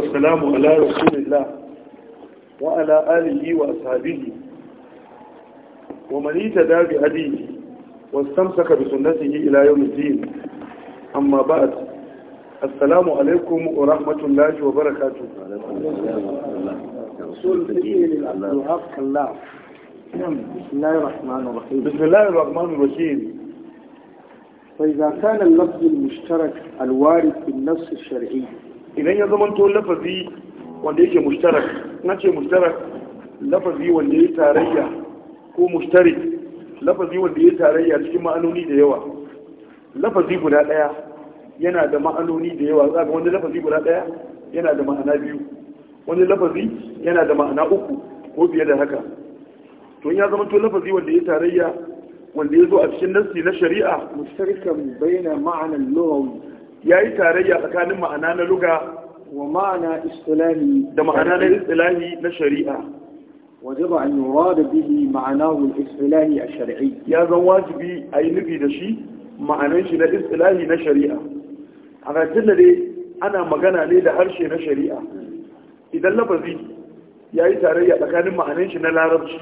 والسلام على رسول الله وعلى آله وأصحابه ومن يتدى بهديه واستمسك بسنته إلى يوم الدين أما بعد السلام عليكم ورحمة الله وبركاته رسول الدين الحق الله بسم الله الرحمن الرحيم بسم الله الرحمن الرحيم فإذا كان اللفظ المشترك الوارد في النص الشرعي idan ya zama to lafazi wanda yake mushtarak na ce mushtarak lafazi wanda ya tarayya ko mushtarik lafazi wanda ya tarayya cikin ma'anoni da yawa lafazi guda daya yana da ma'anoni da yawa za ga wani lafazi guda daya yana da ma'ana biyu wani lafazi yana da ma'ana uku ko biye da haka to ya zama to lafazi wanda ya tarayya wanda ya zo a cikin nassi na shari'a mustarikan baina ma'anan lawawi ya yi tarayya tsakanin ma'ana na luga ma'ana istilahi da ma'ana na istilahi na shari'a waje ba an yi da bihi ma'ana wul istilahi a shari'i ya zan wajibi a yi nufi da shi ma'anan shi na istilahi na shari'a a rajin dai ana magana ne da harshe na shari'a idan lafazi ya yi tarayya tsakanin ma'anan na larabci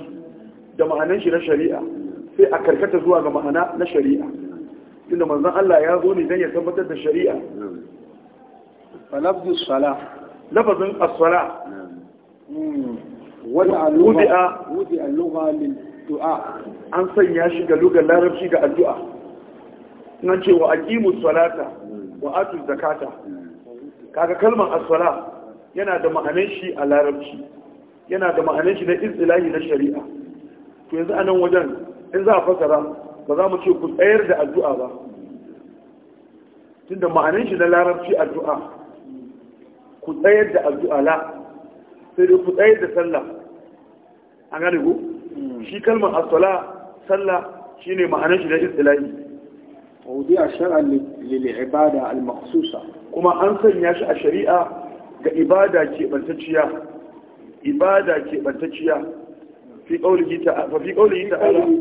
da ma'ananshi na shari'a sai a karkata zuwa ga ma'ana na shari'a tunda manzon Allah ya zo ne dan ya tabbatar da shari'a falabdu lafazin as-sala hmm. wal wudi'a an sanya shi ga lugar larabci ga addu'a nan cewa aqimu salata wa atu zakata kaga kalmar as yana da ma'anar shi a larabci yana da ma'anar shi na istilahi na shari'a to yanzu anan wajen in za a fasara ba za mu ce ku tsayar da addu'a ba tunda ma'anin shi na larabci addu'a ku tsayar da addu'a la sai dai ku tsayar da sallah an gane ku hmm. shi kalmar asala sallah shine ma'anin shi na istilahi wudi a shar'a lil ibada al makhsusa kuma an sanya shi a shari'a ga ibada ke bantacciya ibada ke bantacciya في قوله تعالى في قوله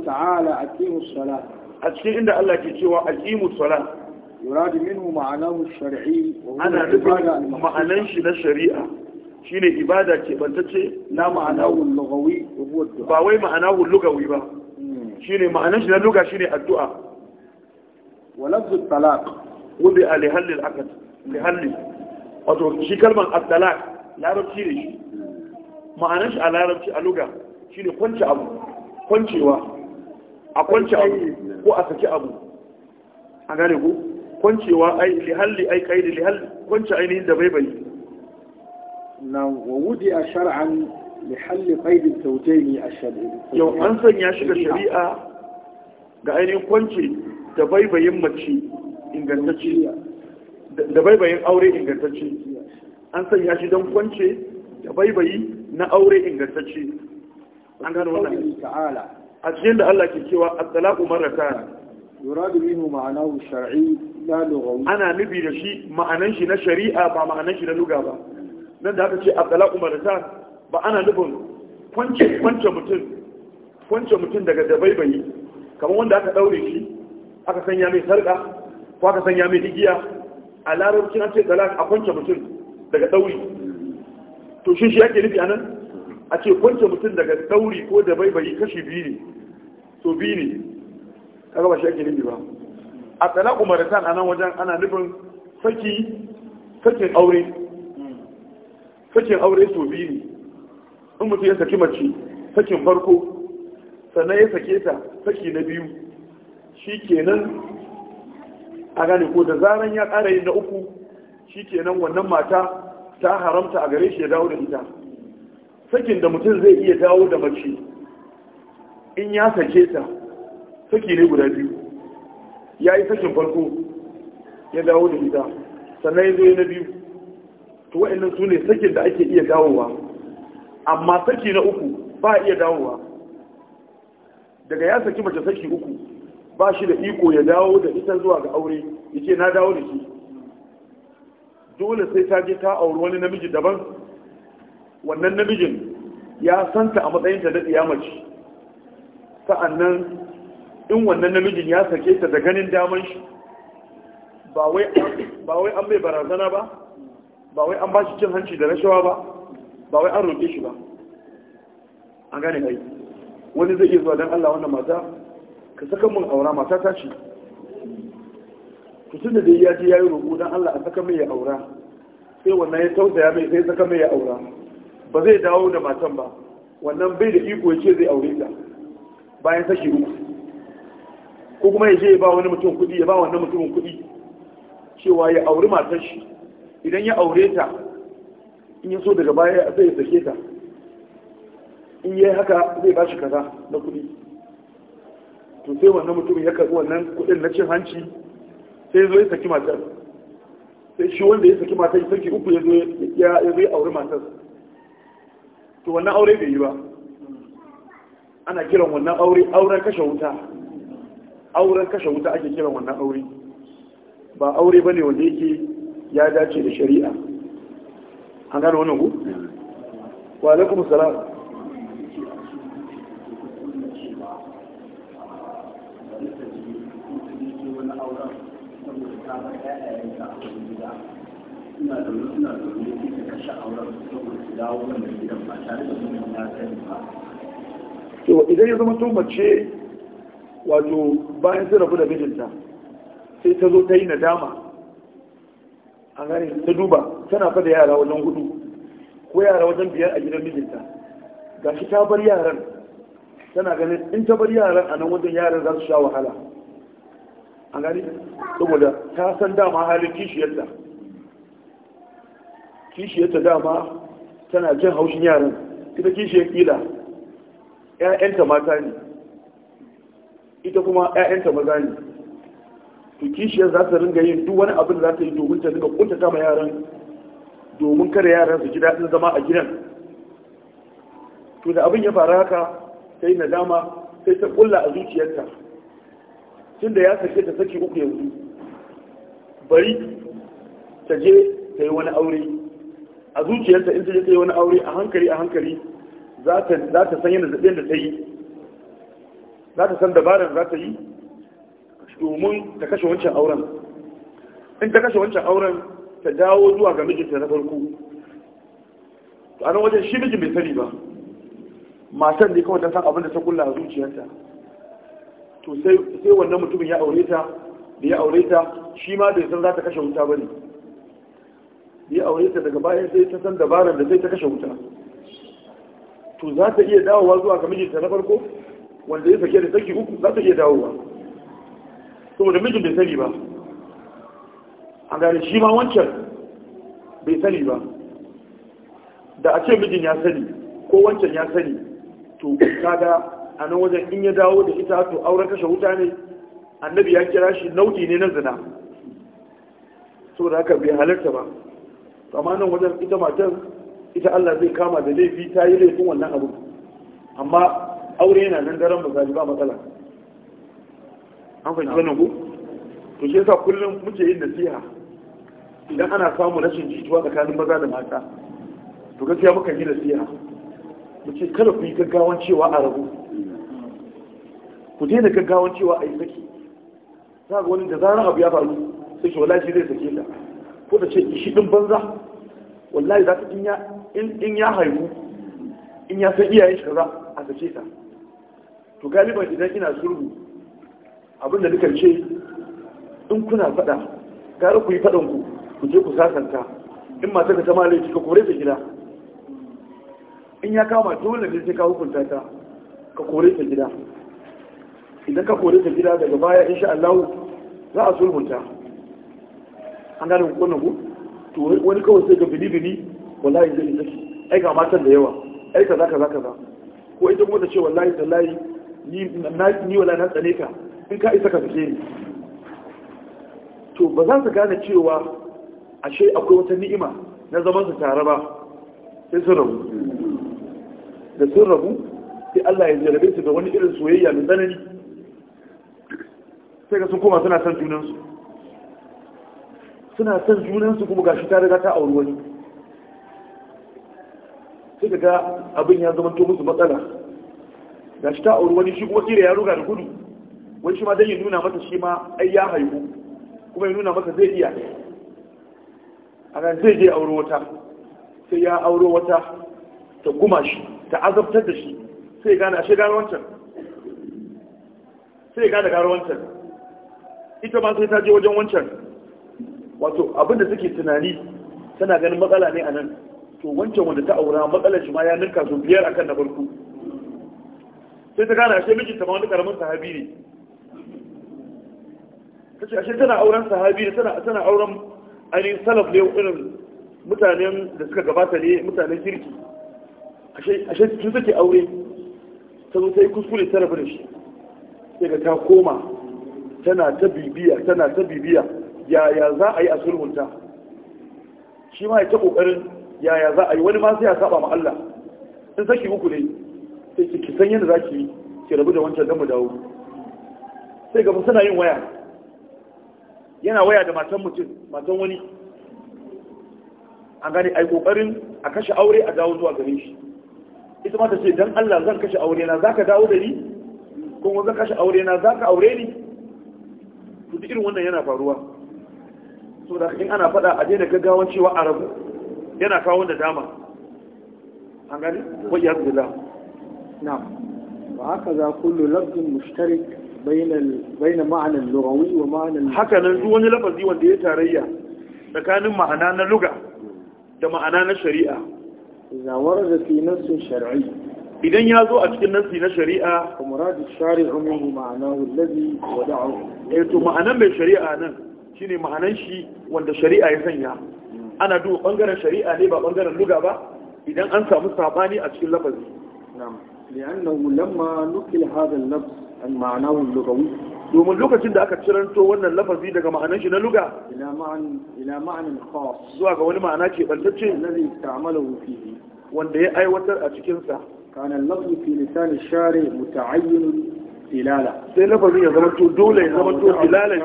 تعالى الصلاة أقيم عند الله كتير وأقيم الصلاة يراد منه معناه الشرعي أنا عبادة معناه الشريعة شين عبادة كبنتك لا معناه اللغوي وهو الدعاء باوي معناه اللغوي با شين معناه اللغة شين الدعاء ولفظ الطلاق ودي لهل العقد لهل أتو شكل من الطلاق لا رب ما معناه على رب اللغة shi ne kwanci abu kwancewa a kwanci abu ko a saki abu a gane ku kwancewa ai lihalli ai kaidi lihalli kwance ainihin da bai bai na wudi a shar'an lihalli kaidin tautai a shari'a yau an sanya shi ga shari'a ga ainihin kwanci da bai bayin mace ingantacce da bai bayin aure ingantacce an sanya shi don kwance da bai bayi na aure ingantacce an gano wannan ta'ala a cikin da Allah ke cewa at-talaqu marratan yuradu minhu ma'anahu shar'i la lughawi ana nufi da shi ma'anan shi na shari'a ba ma'anan shi na lugha ba nan da aka ce at-talaqu marratan ba ana nufin kwance kwance mutum kwance mutum daga dabaibayi kamar wanda aka daure shi aka sanya mai sarka ko aka sanya mai igiya a larabcin an ce talaq a kwance mutum daga dauri to shi shi yake nufi anan a ce kwance mutum daga ɗauri ko da baibayi kashi biyu ne so biyu ne Ka gaba shi ake nufi ba a tsala umaratan a nan wajen ana nufin saki sakin aure sakin aure so biyu ne in mutum ya saki mace sakin farko sannan ya sake ta saki na biyu shi kenan a gane ko da zaran ya ƙara yin na uku shi kenan wannan mata ta haramta a gare shi ya dawo da ita sakin da mutum zai iya dawo da mace in ya sake ta saki ne guda biyu ya yi sakin farko ya dawo da ita sannan ya zai na biyu to wa'annan su ne sakin da ake iya dawowa amma saki na uku ba iya dawowa daga ya saki mace saki uku ba shi da iko ya dawo da ita zuwa ga aure ya ce na dawo da shi dole sai ta je ta auri wani namiji daban wannan namijin ya santa a matsayinta da tsiyamaci sa'annan in wannan namijin ya sake ta da ganin daman shi ba wai an bai barazana ba ba wai an ba shi cin hanci da rashawa ba ba wai an roƙe shi ba an gane mai wani zai iya zuwa don allah wannan mata ka saka mun aura mata ta ce tutun da dai ya ji ya yi roƙo don allah a saka mai ya aura sai wannan ya tausaya mai sai saka mai ya aura ba zai dawo da matan ba wannan bai da iko ce zai aure ta bayan saki uku ko kuma ya je ya ba wani mutum kudi ya ba wannan mutumin kuɗi cewa ya auri matar shi idan ya aure ta in ya so daga baya zai sake ta in yi haka zai ba shi kaza na kuɗi to sai wannan mutumin ya karɓi wannan kuɗin na cin hanci sai ya zo ya saki matar sai shi wanda ya saki matar ya saki uku ya zo ya auri matar to wannan aure bai yi ba ana kiran wannan aure auren kashe wuta auren kashe wuta ake kiran wannan aure ba aure bane wanda yake ya dace da shari'a an gano wannan ku wa alaikum salam Thank you. suna da wani suna da wani kashe auren saboda su dawo wannan gidan ba tare da wani ya sani ba to idan ya zama to mace wato bayan sun rabu da mijinta sai ta zo ta yi nadama a gane ta duba tana fa da yara wajen hudu ko yara wajen biyar a gidan mijinta ga shi ta bar yaran tana ganin in ta bar yaran a nan wajen yaran za su sha wahala a gane saboda ta san dama halin kishiyarta kishiyarta dama tana jin haushin yaran ita kishiyar kila ‘ya'yanta mata ne ita kuma ‘ya'yanta maza ne ta kishiyar za ta ringa yin duk wani abin za ta yi domin ta ringa kunta kama yaran domin kada yaran su ji daɗin zama a gidan to da abin ya fara haka na dama sai ta kulla a zuciyarta tun da ya sake ta saki uku yanzu bari ta je ta yi wani aure a zuciyarta in ta je ta yi wani aure a hankali a hankali za ta san yana zaɓen da ta yi za ta san dabarar za ta yi domin ta kashe wancan auren in ta kashe wancan auren ta dawo zuwa ga mijinta na farko a nan wajen shi mijin bai sani ba matan ne kawai ta san abin da ta kulla a zuciyarta to sai wannan mutumin ya aure ta da ya aure ta shi ma bai san za ta kashe wuta ba ne Yi aure ta daga bayan sai ta san dabarar da zai ta kashe wuta to za ta iya dawowa zuwa ga mijinta na farko wanda ya sake da saki uku za ta iya dawowa saboda mijin bai sani ba a gane shi ma wancan bai sani ba da a ce mijin ya sani ko wancan ya sani to kada a nan wajen in ya dawo da ita to auren kashe wuta ne annabi ya kira shi nau'i ne na zina saboda haka bai halarta ba amma nan wajen ita matan ita Allah zai kama da laifi ta yi laifin wannan abu amma aure yana nan daren zai ba matsala an fahimci wannan ku to shi yasa kullum muke yin nasiha idan ana samu rashin jituwa tsakanin maza da mata to gaskiya muka yi nasiha mu ce kada ku yi gaggawan cewa a rabu ku daina gaggawan cewa a yi saki za ga wani da zarar abu ya faru sai shi wala shi zai sake ta ko da ce shi din banza wallahi za ta in ya haihu in ya san iyayen shi kaza a sace ta to galiban idan ina surgu abin da nukan ce in kuna faɗa gara ku yi fadan ku ku je ku sasanta in mata ka sama laifi ka kore ta gida in ya kama dole ne sai ka hukunta ta ka kore ta gida idan ka kore ta gida daga baya insha Allah za a sulhunta an gane ku nan ku to wani kawai sai ga bini bini wallahi zai yi saki ai ga matan da yawa ai kaza kaza kaza ko ita kuma ta ce wallahi tallahi ni ni wallahi na tsane ka in ka isa ka fice ni to ba za su gane cewa ashe akwai wata ni'ima na zaman su tare ba sai sun rabu da sun rabu sai Allah ya jarabe su da wani irin soyayya mai tsanani sai ka sun koma suna son junansu suna son junansu kuma gashi ta riga ta auri wani sai daga abin ya zama to musu matsala gashi ta auri wani shi kuma tsira ya ruga da gudu wani shi ma zai nuna mata shi ma ai ya haihu kuma ya nuna mata zai iya a nan zai je auri wata sai ya auri wata ta guma shi ta azabtar da shi sai ya gane a shekara wancan sai gane gane wancan ita ma sai ta je wajen wancan wato abinda suke tunani tana ganin matsala ne a nan to wancan wanda ta aura matsalar shi ma ya ninka su biyar akan na farko sai ta gane ashe mijinta ma wani karamin sahabi ne ta ce ashe tana auren sahabi ne tana auren ainihin salaf ne irin mutanen da suka gabata ne mutanen kirki ashe tun suke aure ta zo ta yi kuskure ta rabu da shi sai ga ta koma tana ta bibiya tana ta bibiya yaya za a yi a sulhunta shi ma ya ta kokarin yaya za a yi wani ma sai ya saba ma Allah in saki uku ne sai ki san yadda zaki yi ki rabu da wancan dan mu dawo sai ga suna yin waya yana waya da matan mutum matan wani an gane ai kokarin a kashe aure a dawo zuwa gare shi ita ma ta ce dan Allah zan kashe aure na zaka dawo da ni kuma zan kashe aure na zaka aure ni duk irin wannan yana faruwa so da in ana faɗa a daina gaggawan cewa a rabu yana kawo da dama an gani wajen ya zuwa na ba haka za kullu lafzin mushtarik bayan ma'anar lurawi wa ma'anar haka nan duk wani lafazi wanda ya tarayya tsakanin ma'ana na luga da ma'ana na shari'a zawar da fi nassin shari'i idan ya zo a cikin nassi na shari'a kuma radu shari'a min ma'ana wallazi wada'u eh to ma'anan mai shari'a nan shine ma'anan shi wanda shari'a ya sanya ana duba bangaren shari'a ne ba bangaren luga ba idan an samu sabani a cikin lafazi li'annahu lamma nukil hadha al-lafz an ma'anahu al-lugawi domin lokacin da aka ciranto wannan lafazi daga ma'anan shi na luga ila ma'an ila ma'anin khas zuwa ga wani ma'ana ke bantacce alladhi ista'malahu fihi wanda ya aiwatar a cikin sa kana al-lafz fi lisan ash-shari' muta'ayyin dilala sai lafazin ya zama to dole ya zama to dilalan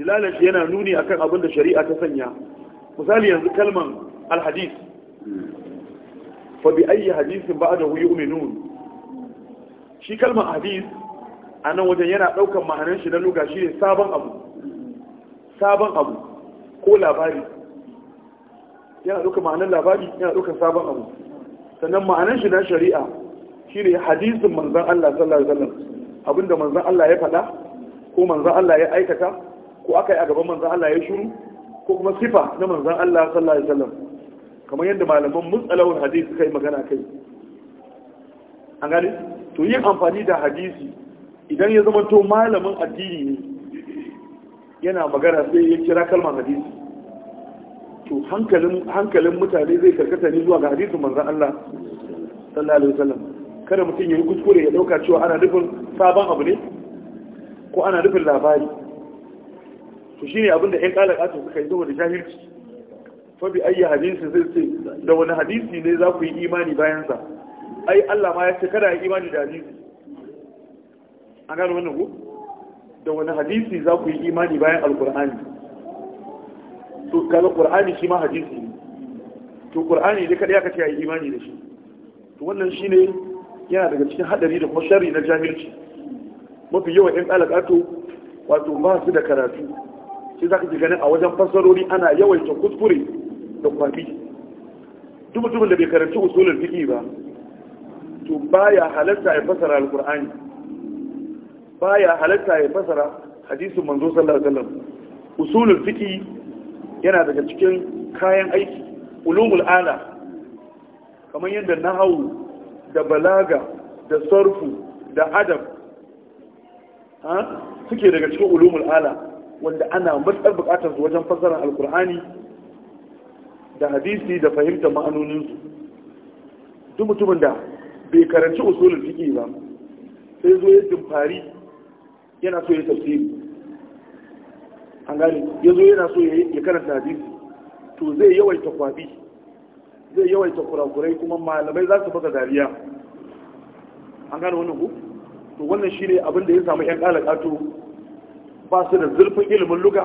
dilalar shi yana nuni akan abin da shari'a ta sanya misali yanzu kalman alhadis fa bi ayi hadisin ba'dahu yu'minun shi kalman hadis a nan wajen yana ɗaukar ma'anar shi na luga shi ne sabon abu sabon abu ko labari yana ɗaukar ma'anar labari yana ɗaukar sabon abu sannan ma'anar shi na shari'a shi ne hadisin manzan Allah sallallahu alaihi wasallam abinda manzan Allah ya faɗa ko manzan Allah ya aikata ko aka yi a gaban manzan Allah ya shuru ko kuma sifa na manzan Allah sallallahu alaihi wasallam kamar yadda malaman mutsalawar hadisi suka yi magana kai an gani to yin amfani da hadisi idan ya zama to malamin addini ne yana magana sai ya kira kalmar hadisi to hankalin mutane zai karkata ne zuwa ga hadisin manzan Allah sallallahu alaihi wasallam kada mutum ya yi kuskure ya dauka cewa ana nufin sabon abu ne ko ana nufin labari to ne abinda ƴan kalakatu suka yi saboda jahilci fa bi ayyar hadisi zai ce da wani hadisi ne za ku yi imani bayan sa ai Allah ma ya ce kada yi imani da hadisi an gano wannan ku da wani hadisi za ku yi imani bayan alkur'ani to kala qur'ani shi ma hadisi ne to qur'ani dai kada ya kace yi imani da shi to wannan shi ne yana daga cikin hadari da kuma sharri na jahilci mafi yawan ƴan kalakatu wato ba su da karatu shi za ka ji ganin a wajen fasarori ana yawaita kuskure da kwafi duk mutumin da bai karanci usulun fiqh ba to baya halatta ya fassara ba baya halatta ya fasara hadisin manzo sallallahu alaihi wasallam usulul yana daga cikin kayan aiki ulumul ala kamar yadda nahawu da balaga da sarfu da adab suke daga cikin ulumul ala wanda ana matsar bukatar su wajen fassarar alkur'ani da hadisi da fahimtar ma'anoninsu duk mutumin da bai karanci usulun fiqh ba sai zo ya dimfari yana so ya tafsiri an gane ya zo yana so ya karanta hadisi to zai yawaita kwabi zai yawaita kurakurai kuma malamai za su baka dariya an gane wannan ku to wannan ne abin da ya samu yan ƙalaƙato ba su da zurfin ilimin luga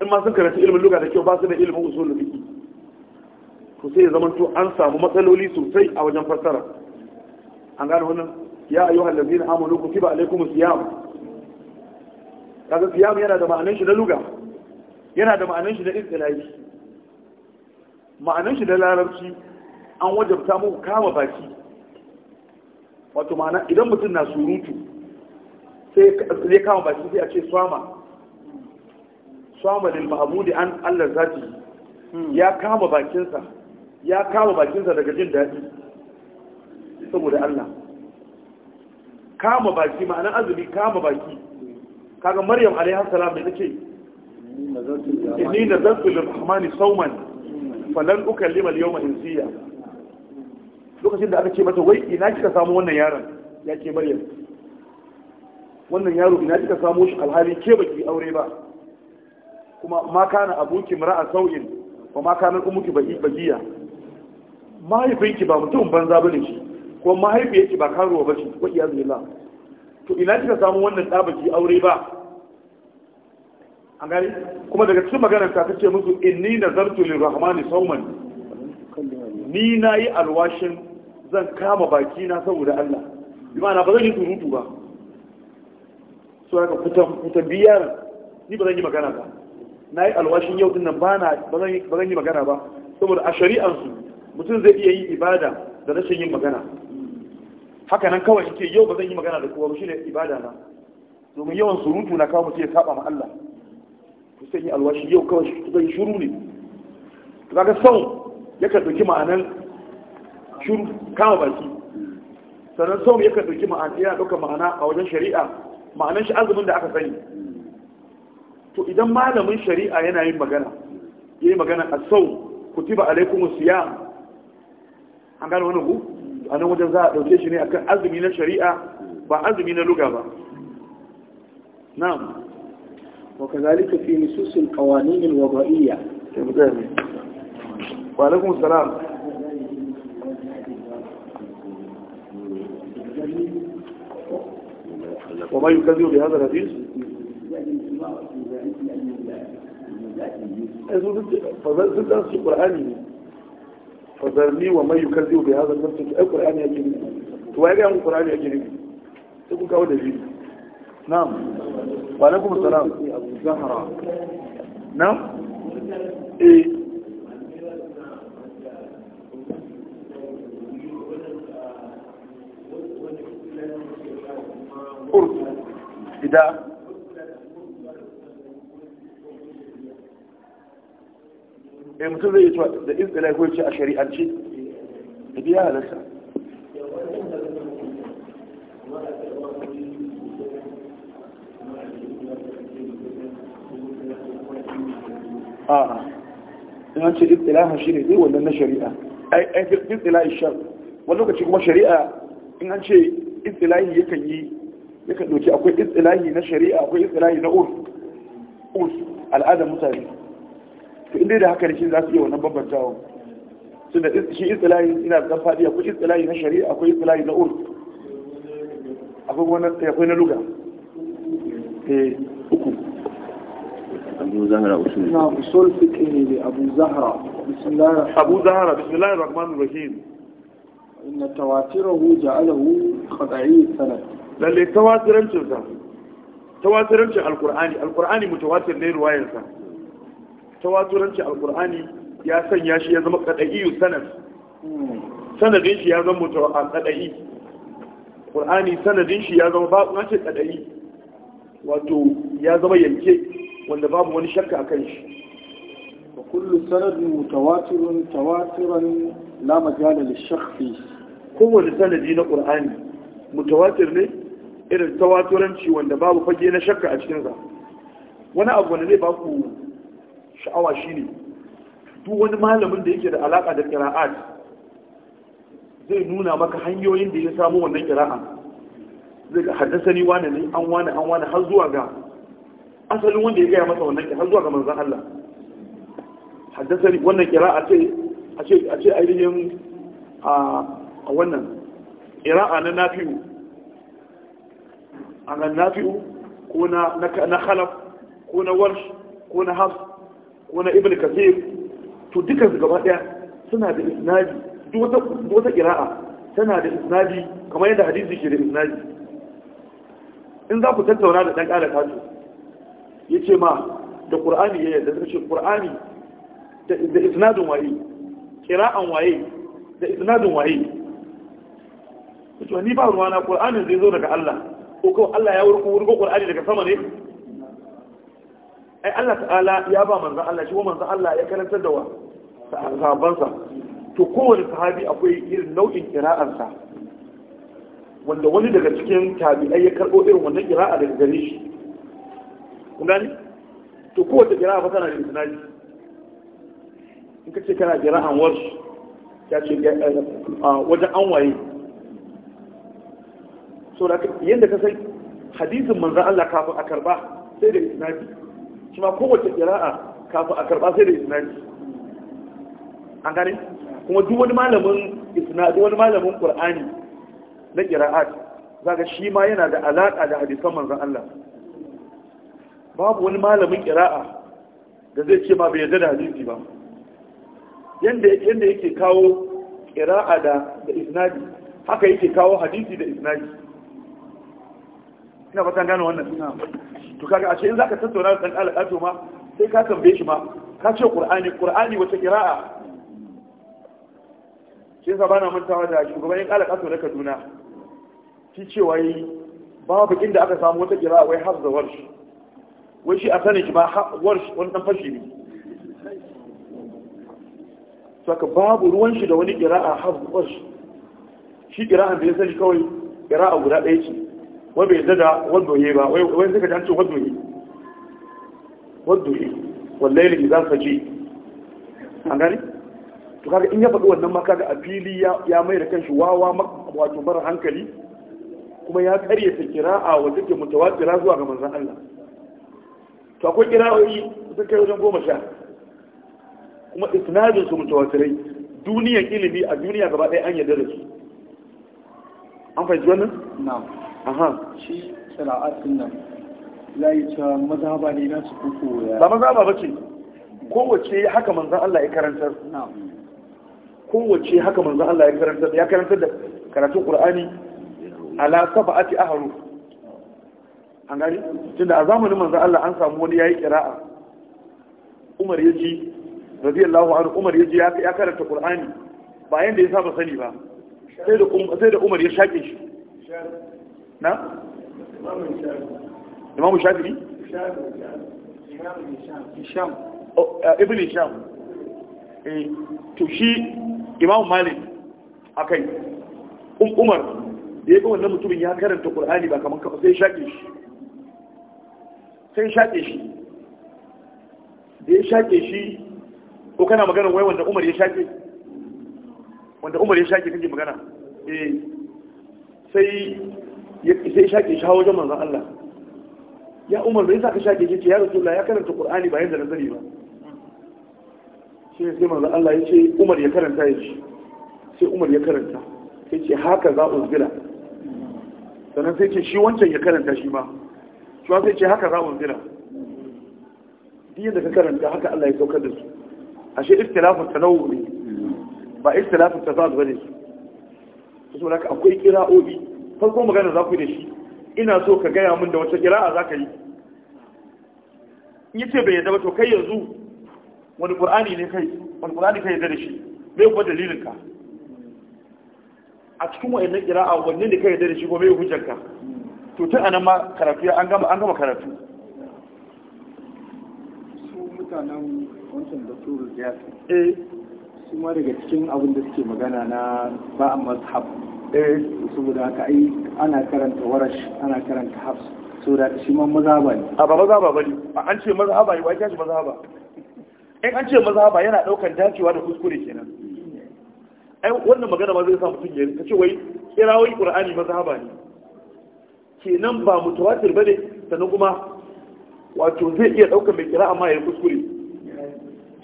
in ma sun karanta ilimin luga da kyau ba su da ilimin usulul biki ku sai ya zama to an samu matsaloli sosai a wajen fassara an gane wannan ya ayyuhal ladzina amanu kutiba alaikum siyam kaga siyam yana da ma'anar shi na luga yana da ma'anar shi na istilahi ma'anar shi da larabci an wajabta muku kama baki wato ma'ana idan mutum na surutu sai ya kama baki sai a ce swama samalin mahamudi an allah zati ya kama bakinsa ya kama bakinsa daga jin daɗi saboda allah kama baki ma'anar azumi kama baki kaga maryam alaihi salam da take inni nazartu lirrahmani sawman falan ukallima al-yawma insiya lokacin da aka ce mata wai ina kika samu wannan yaron ya ce maryam wannan yaro ina kika samu shi alhali ke baki aure ba kuma ma kana abuki mara'a sau'in wa ma kana umuki bagiya mahaifinki ba mutum banza bane shi ko mahaifiyarki ba karuwa ba shi ko iya zila to ina kika samu wannan ɗa aure ba an gani kuma daga cikin maganar ta ce musu inni nazartu lirrahmani sauman ni na yi alwashin zan kama baki na saboda Allah bi ma'ana ba zan yi surutu ba so haka kutan biyar? ni ba zan yi magana ba na yi alwashin yau dinnan ba na ba zan yi magana ba saboda a shari'ansu mutum zai iya yin ibada da rashin yin magana haka nan kawai yake yau ba zan yi magana da kowa ba shine ibada na domin yawan surutu na kawo mutum ya saba ma Allah to sai yi alwashi yau kawai zan shuru ne to kaga sau yakan dauki ma'anan shuru kama baki sannan sau yakan dauki ma'ana yana dauka ma'ana a wajen shari'a ma'anan shi azumin da aka sani to idan malamin shari'a yana yin magana ya yi magana a sau kutiba alaikum siya'. an gano wani ku a nan wajen za a ɗauke shi ne akan azumi na shari'a ba azumi na luga ba na'am wa kazalika fi nususil qawanin alwada'iyya wa alaikum salam وما يكذب بهذا الحديث sun dan su qur'ani fazarni wa mai yukazibu bi hadha an-nafs to sai kun kawo wa alaikum eh eh mutum zai yi tuwa da izinin ko ce a shari'anci da biya halarsa a in ce istilaha shine zai wannan na shari'a ai ai istilahi shar wani lokaci kuma shari'a in an ce istilahi yakan yi yakan doki akwai istilahi na shari'a akwai istilahi na urs urs al'adar mutane inda da haka da shi za su yi wannan babban jawo su da shi itsilayi ina zan faɗi akwai itsilayi na shari'a akwai itsilayi na ur akwai wani akwai na luga ta eh, uku abu zahara usul na usul fiƙe ne da abu zahara bismillah abu zahara bismillah rahman rahim inna tawatirahu ja'alahu qada'i sanad lalle tawatirancin sa tawatirancin Alƙur'ani alqur'ani mutawatir ne ruwayar tawaturanci alkur'ani ya sanya shi ya zama kadai sanad sanadin shi ya zama a kadai qur'ani sanadin shi ya zama babu nace kadai wato ya zama yanke wanda babu wani shakka akan shi wa kullu sanadin mutawatirun tawatiran la majala lishakhi kowane sanadi na qur'ani mutawatir ne irin tawaturanci wanda babu fage na shakka a cikin sa wani abu wanda zai baku sha'awa shi ne, duk wani malamin da yake da alaka da qira'at zai nuna maka hanyoyin da ya samu wannan qira'a zai ga ni wane ne an wani an wane har zuwa ga asalin wanda ya gaya masa wannan har zuwa ga manzan Allah ni wannan kira'a ce a ce a ce ainihin a wannan kira'a na nafi'u a nan nafi'u ko na na khalaf ko na warsh ko na hafs wani ibn kasir to dukkan su gaba daya suna da isnadi duk wata kira'a tana da isnadi kamar yadda hadisi ke da isnadi in za ku tattauna da dan kala ya yace ma da qur'ani ya yadda. kace qur'ani da isnadin waye kira'an waye da isnadin waye to ni ba ruwana qur'anin zai zo daga Allah ko ko Allah ya wurko wurko qur'ani daga sama ne ai Allah ta'ala ya ba manzo Allah shi wa manzan Allah ya karantar da wa sahabbansa to kowane sahabi akwai irin nau'in kira'arsa wanda wani daga cikin tabi'ai ya karɓo irin wannan kira'a daga gare shi kun gani to kowace kira'a fa tana da isnadi in ka ce kana kira'an warsh ya ce eh, wajen an waye so da yadda ka sai hadisin manzo Allah kafin a karba sai da isnadi shi ma kowace kira'a kafa a karba sai da isnadi an gane kuma duk wani malamin isnadi wani malamin qur'ani na qira'at zaka shi ma yana da alaka da hadisan manzon Allah babu wani malamin qira'a da zai ce ma bai yarda da hadisi ba yanda yanda yake kawo qira'a da da isnadi haka yake kawo hadisi da isnadi ina fatan gane wannan to kaga ashe in zaka tattauna da dan alƙato ma sai ka tambaye shi ma ka ce qur'ani qur'ani wata qira'a shi yasa bana mantawa da shugaban yan alƙato na Kaduna shi cewa yi babu inda aka samu wata qira'a wai hafza warsh wai shi a sanin shi ba warsh wani dan fashi ne saka babu ruwan shi da wani qira'a hafza warsh shi qira'an da ya sani kawai qira'a guda ɗaya ce wai bai yadda da waddoye ba wai suka ji an ce waddoye waddoye wallahi za su ji an gani to kaga in ya faɗi wannan ma kaga a fili ya mai da kanshi wawa wato mara hankali kuma ya karye ta kira'a wanda ke mutawatira zuwa ga manzon Allah to akwai kira'o'i sun kai wajen goma sha kuma isnadin su mutawatirai duniyan ilimi a duniya gaba ɗaya an yarda da su an fahimci wannan na'am aha shi sana'atun nan layi ta mazhaba ne na su kuku ya ba mazhaba ba ce kowace haka manzan Allah ya karantar kowace haka manzan Allah ya karantar ya karantar da karatun Kur'ani ala sab'ati ahruf an gani tunda a zamanin manzan Allah an samu wani ya yi kira'a. Umar ya ji radiyallahu anhu Umar ya ji ya karanta Kur'ani. ba yanda ya saba sani ba sai da um- Umar ya shaƙe shi na? imamu shafi'i? isham oh, uh, ibn isham eh, to shi imamu malik a kai um, umar ya wannan mutumin ya karanta Al-Qur'ani ba kamar kafa sai shaƙe shi sai shaƙe shi da ya shaƙe shi ko kana magana wai wanda umar ya shaƙe wanda umar ya shaƙe kake magana eh sai sai shaƙe shi hawa wajen manzan Allah ya umar bai saka shaƙe shi ce ya rasu ya karanta ƙur'ani bayan da nazari ba shi sai manzan Allah ya ce umar ya karanta ya ce sai umar ya karanta sai ce haka za a zira sannan sai ce shi wancan ya karanta shi ma shi ma sai ce haka za a zira duk yadda ka karanta haka Allah ya saukar da su ashe ikhtilafun tanawu ne ba ta ikhtilafun tazad bane su saboda akwai kira'o'i farko magana za ku da shi ina so ka gaya min da wata kira'a za ka yi in yace bai yadda ba to kai yanzu wani qur'ani ne kai wani qur'ani kai yadda da shi mai kuma dalilin ka a cikin wayannan kira'a wanne ne kai yadda da shi ko mai hujjar ka to tun anan ma karatu an gama an gama karatu su mutanen wancan da turu ya eh su ma daga cikin abin da suke magana na ba'an mazhab eh saboda haka ai ana karanta warash ana karanta hafs saboda shi ma maza mazhaba ne a ba maza mazhaba bane an ce mazhaba yi wai kashi mazhaba in an ce mazhaba yana daukan dacewa da kuskure kenan ai wannan magana ma zai sa mutum ya ta ce wai kirawai qur'ani maza mazhaba ne kenan ba mutawatir bane sannan kuma wato zai iya daukan mai kira amma ya kuskure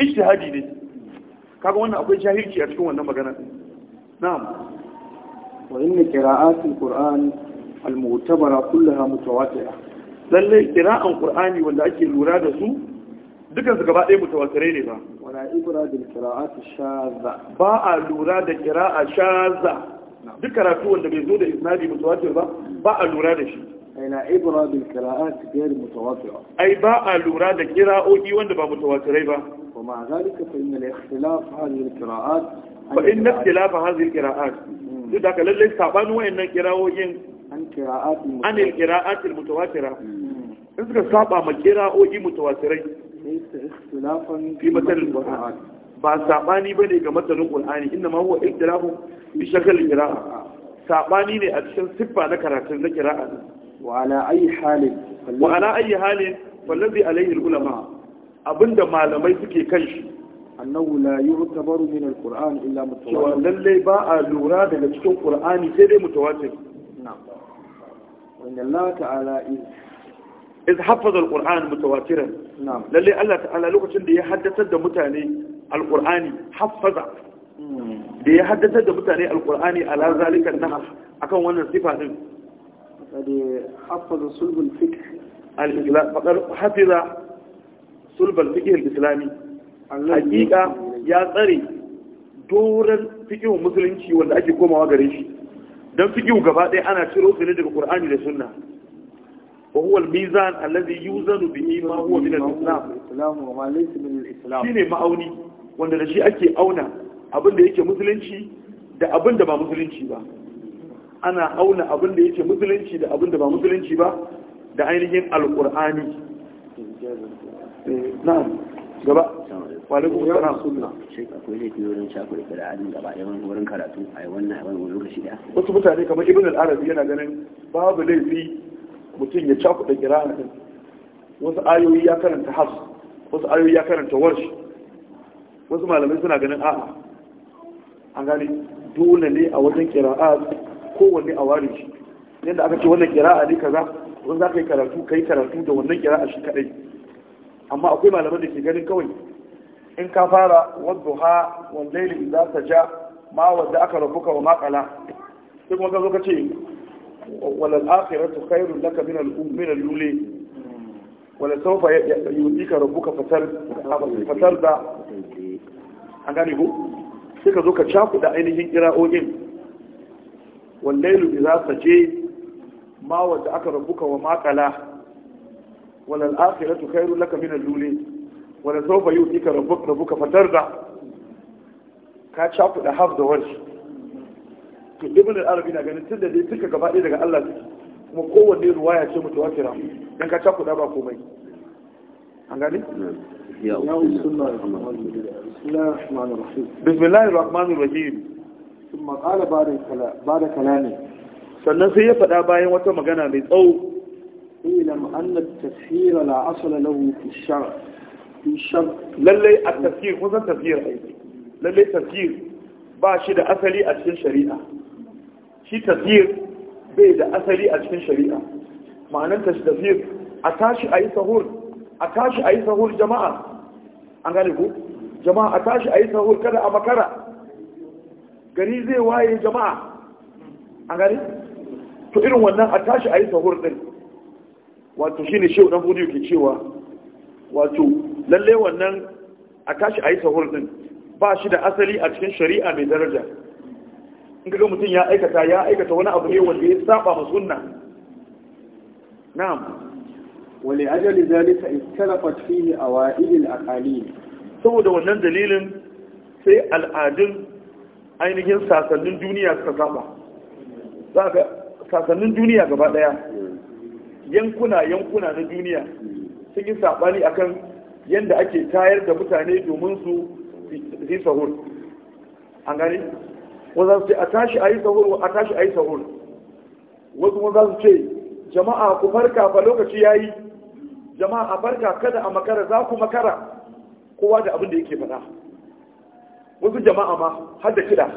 ijtihadi ne kaga wannan akwai jahilci a cikin wannan magana na'am وإن قراءات القرآن المعتبرة كلها متواترة للي قراءة القرآن ولا أكي الورادة سوء dukkan su gaba ɗaya mutawatirai ne ba wala ibra bil qira'at shadza ba a lura da qira'a shadza duk karatu wanda bai zo da isnadi mutawatir ba ba a lura da shi ila ibra bil qira'at ghayr mutawatira ai ba a lura da qira'o'i wanda ba mutawatirai ba wa ma zalika fa inna al ikhtilaf hadhihi al qira'at fa inna ikhtilaf hadhihi al qira'at duk da lallai sabanin wayannan kirawoyin an kira'atul anil kira'atul mutawatira hmm. in suka saba ma kira'o'i mutawatirai fi matsalin qur'an ba sabani bane ga matsalin qur'ani inna ma huwa ikhtilafu bi shakl qira'a ah, ah. sabani ne a cikin siffa na karatun na qira'a wa ala ayi halin wa ala ayi halin wallazi alaihi ulama abinda malamai suke kan shi annahu la yu'tabaru min al-qur'an illa mutawatir lalle ba a lura daga cikin qur'ani sai dai mutawatir na'am wanda Allah ta'ala is iz hafaza al-qur'an mutawatiran na'am lalle Allah ta'ala lokacin da ya haddatar da mutane al-qur'ani hafaza hmm. da ya haddatar da mutane al-qur'ani ala zalika nahaf akan wannan sifa din da hafaza sulbul fiqh al-islam faqad hafiza sulbul fiqh al-islami hakika ya tsare doron fiƙihu musulunci wanda ake komawa gare shi don fiƙihu gaba ɗaya ana ciro su ne daga ƙur'ani da sunna wa huwa al-mizan allazi yuzanu bihi ma huwa min al-islam wa ma min al-islam ma'auni wanda da shi ake auna abin da yake musulunci da abin da ba musulunci ba ana auna abin da yake musulunci da abin da ba musulunci ba da ainihin al-qur'ani na'am gaba walaikum salam sunna shi akwai laifi wurin shakuri qira'atin gaba da wurin karatu ai wannan ai wannan lokaci da wasu mutane kamar ibn al-arabi yana ganin babu laifi mutum ya cakuɗa qira'atin wasu ayoyi ya karanta has wasu ayoyi ya karanta warshi wasu malamai suna ganin a'a an gani. dole ne a wajen qira'a kowanne a ware shi yadda aka ce wannan qira'a ne kaza wanda za ka yi karatu ka yi karatu da wannan qira'a shi kadai amma akwai malaman da ke ganin kawai in ka fara wadduha za idza saja ma wadda aka rabuka wa makala sai kuma ka zo ka ce wal akhiratu khairun laka min al min al luli wala sawfa yudika rabbuka fatar fatar da an gani ko sai ka zo ka da ainihin kira'o'in za idza saje ma wadda aka rabuka wa maqala wal akhiratu khairun laka min al luli wani sau fa yi wuti ka rabu ka fatar da ka da haf da wani to ibn al-arabi na ganin tunda dai duka gaba ɗaya daga Allah suke kuma kowanne ruwaya ce mutawatira dan ka da ba komai an gani بسم الله الرحمن الرحيم ثم قال بعد كلامه sannan sai ya faɗa bayan wata magana mai tsawo ilam anna tafhira la asala lahu fi shar' lallai a tafiyar kun san tafiyar aiki lallai tafiyar ba shi da asali a cikin shari'a shi tafiyar bai da asali a cikin shari'a ma'anar ta tafiyar a tashi a yi sahur a tashi a yi sahur jama'a an gane ku jama'a a tashi a yi sahur kada a makara gari zai waye jama'a an gane to irin wannan a tashi a yi sahur din wato shi ne shi ke cewa wato lalle wannan a tashi a yi sahur din ba shi da asali a cikin shari'a mai daraja in kaga mutum ya aikata ya aikata wani abu ne wanda ya saba ma sunna na'am wali ajali zalika istalafat fihi awa'il al-aqali saboda wannan dalilin sai al'adun ainihin sasannin duniya suka saba za sasannin duniya gaba daya hmm. yankuna yankuna na duniya sun yi sabani akan yadda ake tayar da mutane domin su yi sahur an gani wanda su ce a tashi a yi sahur a tashi a yi sahur wasu kuma su ce jama'a ku farka fa lokaci ya yi jama'a a farka kada a makara za ku makara kowa da abin da yake faɗa wasu jama'a ma har da kiɗa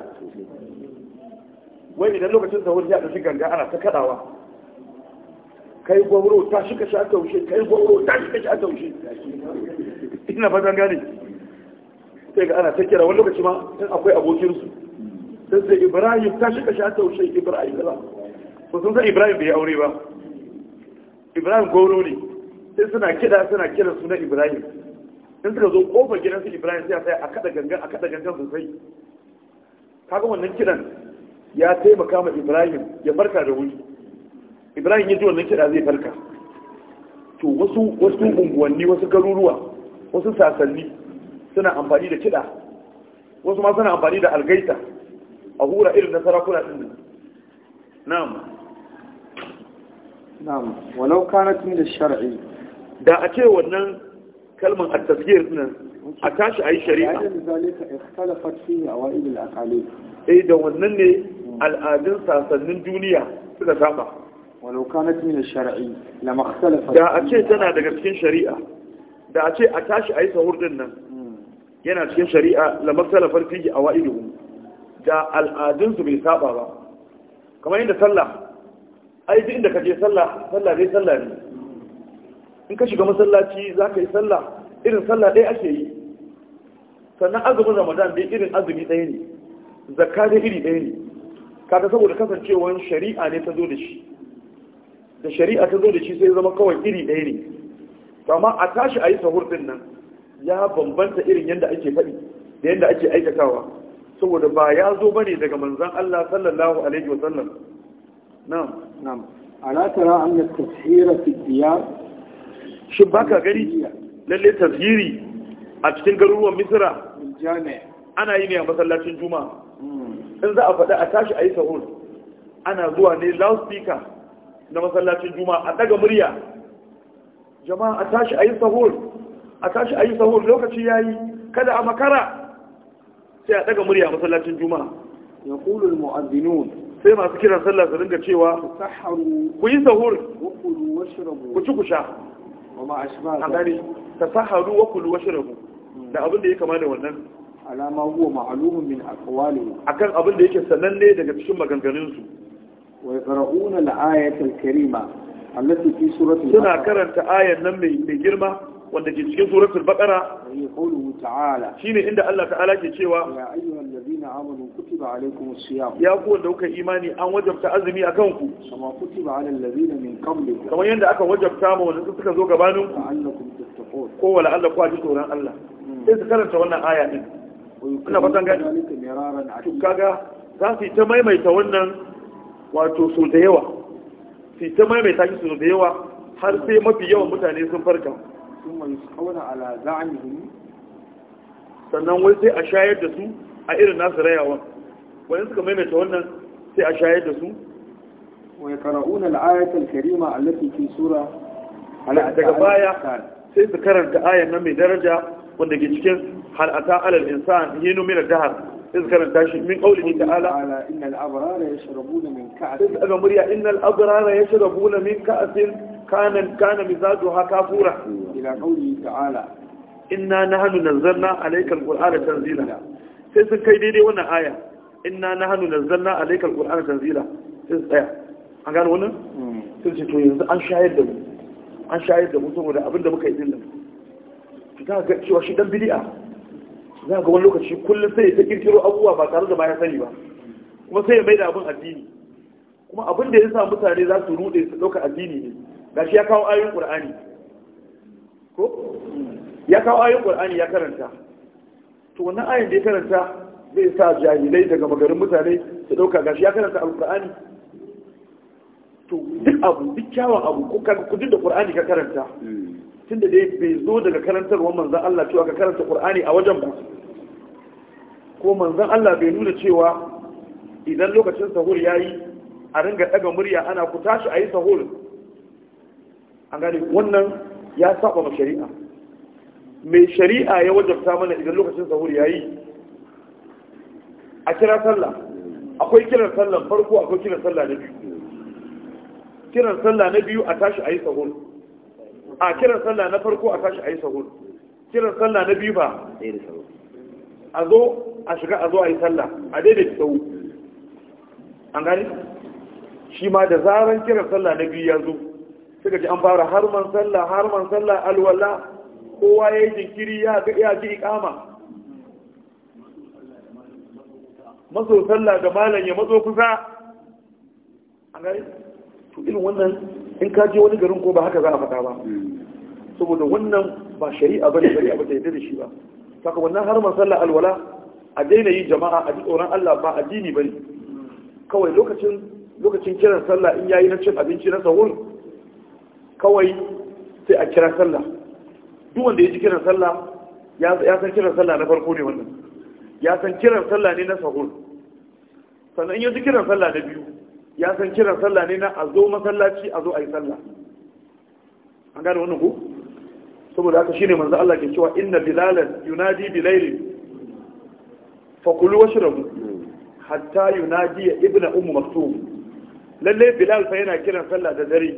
wai idan lokacin sahur ya ɗauki ganga ana ta kaɗawa kai gwamro ta shi ka sha taushe kai gwamro ta shi ka sha taushe ina fatan gane sai ga ana ta kira wani lokaci ma in akwai abokinsu sun sai ibrahim ta shi ka sha taushe ibrahim ba ko sun san ibrahim bai aure ba ibrahim gwamro ne sai suna kira suna kira sunan ibrahim sun suka zo kofar su ibrahim sai a sai a kada gangan a kada gangan sosai kaga wannan kiran ya taimaka ma ibrahim ya farka da wuri ibrahim ya ji wannan kiɗa zai farka to wasu wasu unguwanni wasu garuruwa wasu sasanni suna amfani da kiɗa wasu ma suna amfani da algaita a hura irin na sarakuna din nan na'am na'am walau kanat da shar'i da a ce wannan kalmar at-tasghir din a tashi yi shari'a eh da wannan ne al'adun sasannin duniya suka saba walau kanat min da a ce tana daga cikin shari'a da a ce a tashi ayi sahur din nan yana cikin shari'a lama ikhtalafa fihi awaiduhum da al'adun bai saba ba kamar inda sallah ai duk inda kaje sallah sallah dai sallah ne in ka shiga masallaci zaka yi sallah irin sallah dai ake yi sannan azumin ramadan dai irin azumi ɗaya ne zakka dai iri ɗaya ne kaga saboda kasancewar shari'a ne ta zo da shi da shari'a ta zo da shi sai zama kawai iri ɗaya ne amma a tashi a yi sahur din nan ya bambanta irin yadda ake faɗi da yadda ake aikatawa saboda ba ya zo ba ne daga manzan Allah sallallahu alaihi wa sallam na'am na'am ala tara an tafsira fi diya shin baka gari lalle tafsiri a cikin garuruwan Misra ana yi ne a masallacin Juma'a hmm. in za a faɗi a tashi a yi sahur ana zuwa ne loudspeaker na masallacin juma'a a daga murya jama'a a tashi ayi sahur a tashi ayi sahur lokaci yi kada a makara sai a daga murya masallacin juma'a yaqulu almu'adhdhinun sai masu kiran sallah su ringa cewa ku yi sahur ku ci ku sha A ashba gani saharu wa kulu washrabu da abin da ya kama da wannan alama huwa ma'lumun min aqwali akan abin da yake sananne daga cikin maganganunsu. ويقرؤون الآية الكريمة التي في سورة سنة كرنت آية نمي wanda ke cikin suratul baqara ta'ala shine inda Allah ta'ala ke cewa ya ayyuhal ya ku kuka imani an wajabta azumi akan ku kamar yanda aka wajabta ma wanda suka zo gabanin ko wala Allah ku ji tsoron Allah karanta wannan aya din ina za su ta maimaita wannan wato sau da yawa su ta maimaita shi sau da yawa har sai mafi yawan mutane sun farka sannan wai sai a shayar da su a irin nasu rayawan wani suka maimaita wannan sai a shayar da su wai kara'una la'ayatar karima allati fi sura daga baya sai su karanta ayan nan mai daraja wanda ke cikin hal alal insan yinu min dahar iskar tashi min qaulihi ta'ala inna al-abrara yashrabuna min ka'sin daga murya inna al-abrara yashrabuna min ka'sin kana kana mizajuha kafura ila qaulihi ta'ala inna nahnu nazzalna alayka al-qur'ana tanzila sai sun kai daidai wannan aya inna nahnu nazzalna alayka al-qur'ana tanzila sai tsaya an gano wannan sai ce to yanzu an shayar da mu an shayar da mu saboda abinda muka yi din nan ka ga cewa shi dan bid'a za ga wani lokaci kullum sai ta kirkiro abubuwa ba tare da bayan sani ba kuma sai ya mai da abin addini kuma abin da ya sa mutane za su rude su ɗauka addini ne gashi ya kawo ayoyin qur'ani ko ya kawo ayoyin qur'ani ya karanta to wannan ayin da ya karanta zai sa jahilai daga magarin mutane su ɗauka gashi ya karanta alqur'ani to duk abu duk kyawun abu ko duk da qur'ani ka karanta hmm. tunda dai bai zo daga karantarwar manzan Allah cewa ka karanta Qur'ani a wajen ku ko manzan Allah bai nuna cewa idan lokacin sahur yayi a ringa daga murya ana ku tashi ayi sahur an gane wannan ya saba ma shari'a mai shari'a ya wajabta mana idan lokacin sahur yayi a kira sallah akwai kiran sallah farko akwai kiran sallah na biyu kiran sallah na biyu a tashi ayi sahur a kiran sallah na farko a tashi a yi sahur kiran sallah na biyu ba a zo a shiga a zo a yi sallah a daidai sau an gani shi ma da zaran kiran sallah na biyu ya zo suka ji an fara harman sallah harman sallah alwala kowa ya yi jinkiri ya ga ya ji ikama maso sallah da malam ya matso kusa an gani to irin wannan in ka je wani garin ko ba haka za a faɗa ba saboda wannan ba shari'a ba ne ba ta yadda da shi ba saka wannan har sallah alwala a daina yi jama'a a tsoron Allah ba addini ba ne. kawai lokacin lokacin kiran sallah in yayi na cin abinci na sahur kawai sai a kira sallah duk wanda ya ji kiran sallah ya san kiran sallah na farko ne wannan ya san kiran sallah ne na sahur sannan ya ji kiran sallah na biyu ya san kiran sallah ne na a zo masallaci a zo a yi sallah an gane wannan ku saboda haka shine manzo Allah ke cewa inna bilalan yunadi bilaili fa kulu washrabu hatta yunadi ibnu ummu maktum lalle bilal fa yana kiran sallah da dare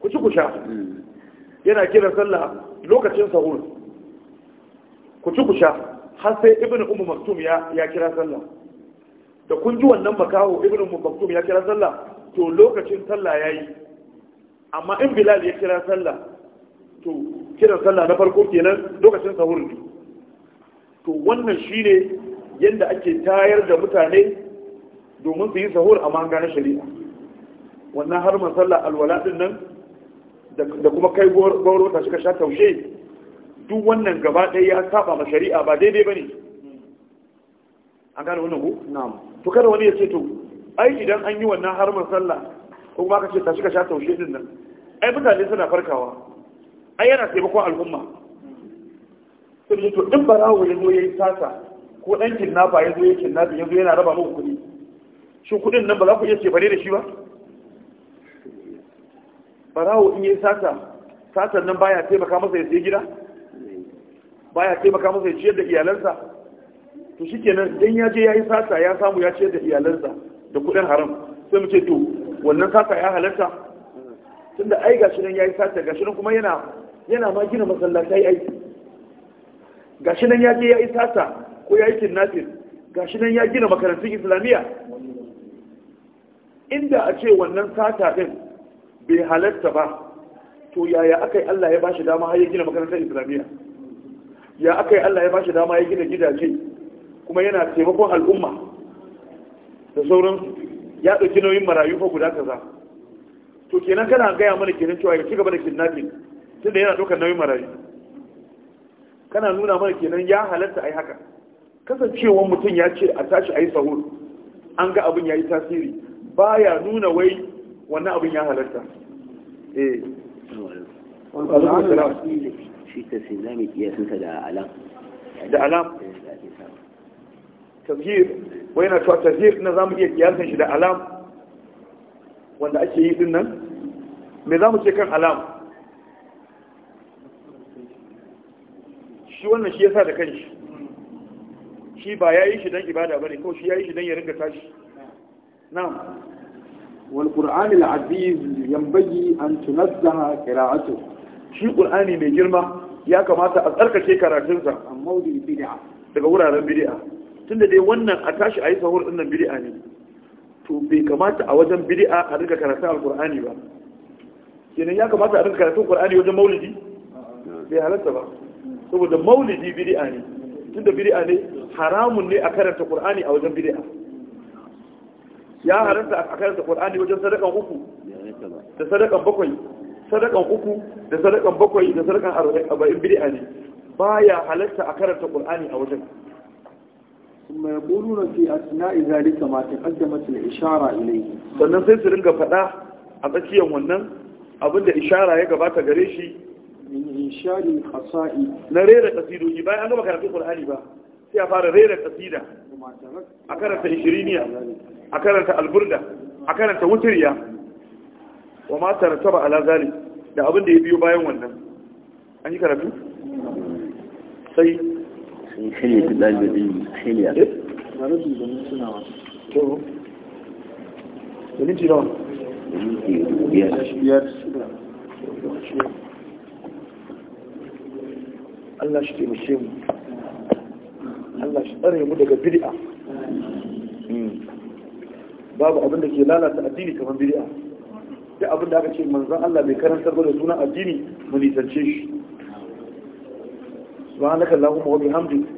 ku ci ku sha yana kiran sallah lokacin sahur ku ci ku sha har sai ibnu ummu maktum ya ya kira sallah da kun ji wannan makaho ibn mubakkum ya kira sallah to lokacin sallah yayi amma in bilal ya kira sallah to kiran sallah na farko kenan lokacin sahur ne to wannan shine yadda ake tayar da mutane domin su yi sahur a manga na shari'a wannan har sallah alwala din nan da kuma kai goro ta shiga sha taushe duk wannan gaba ɗaya ya saba ma shari'a ba daidai bane ne an gane wannan ko na'am to kada wani ya ce to ai idan an yi wannan harman sallah ko kuma ka ce tashi ka sha taushe din nan ai mutane suna farkawa ai yana taimakon al'umma sai to din barawo ya zo ya yi sata ko dan kinnafa ya zo ya kinnafa ya zo yana raba muku kuɗi shi kuɗin nan ba za ku iya ce bare da shi ba barawo in yi sata satan nan baya taimaka masa ya sai gida baya taimaka masa ya ciyar da iyalansa to kenan dan ya je yayi sata ya samu ya ce da iyalansa da kudin haram sai mu ce to wannan sata ya halarta tunda ai gashi nan yayi sata gashi nan kuma yana yana ma gina masallatai ai gashi nan ya je yayi sata ko yayi kidnapping gashi nan ya gina makarantun islamiyya inda a ce wannan sata din bai halarta ba to yaya akai yi Allah ya bashi dama har ya gina makarantar islamiyya ya akai yi Allah ya bashi dama ya gina gidaje kuma yana taimakon al'umma da sauransu ya ɗauki nauyin marayu ko guda kaza to kenan kana gaya mana kenan cewa ya ci gaba da kidnapping tunda yana ɗaukar nauyin marayu kana nuna mana kenan ya halatta ai haka kasancewar mutum ya ce a tashi a yi sahur an ga abin ya yi tasiri baya nuna wai wannan abin ya halatta eh da alam da alam eh, tazhir wai yana cewa tazhir na zamu iya kiyasan shi da alam wanda ake yi din nan me zamu ce kan alam shi wannan shi yasa da kanshi shi ba yayi shi dan ibada bane ko shi yayi shi dan ya ringa tashi na'am wal qur'an al aziz yanbaghi an tunazzaha qira'atu shi qur'ani mai girma ya kamata a tsarkake karatunsa amma wuri bid'a daga wuraren bid'a tunda dai wannan a tashi a yi sahur ɗin nan bid'a ne to bai kamata a wajen bid'a a rika karatu alqur'ani ba kenan ya kamata a rika karatu alqur'ani wajen maulidi bai halatta ba saboda maulidi bid'a ne tunda bid'a ne haramun ne a karanta qur'ani a wajen bid'a ya haramta a karanta qur'ani wajen sadakan uku da sadakan bakwai sadakan uku da sadakan bakwai da sadakan arba'in bid'a ne baya halatta a karanta qur'ani a wajen ثم يقولون في أثناء ذلك ما تقدمت الإشارة إليه sannan sai su ringa faɗa a tsakiyar wannan abin da ishara ya gabata gare shi min inshari khasa'i na rera qasidoji bayan an gama karatu Qur'ani ba sai a fara rera qasida a karanta ishiriniya a karanta alburda a karanta wutiriya wa ma tarattaba ala zalik da abin da ya biyo bayan wannan an yi karatu sai حلية الألب العلمي حلية Minti nawa? Minti biyar. Biyar. Allah shi taimake mu. Allah shi tsare mu daga bid'a. Hmm. Babu abin da ke lalata addini kamar bid'a. Duk abin aka ce manzon Allah bai karantar ba da sunan addini mu nisance shi. subhanaka allahumma wa bihamdika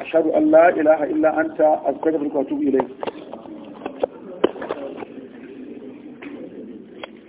ashhadu an la ilaha illa anta astaghfiruka wa atubu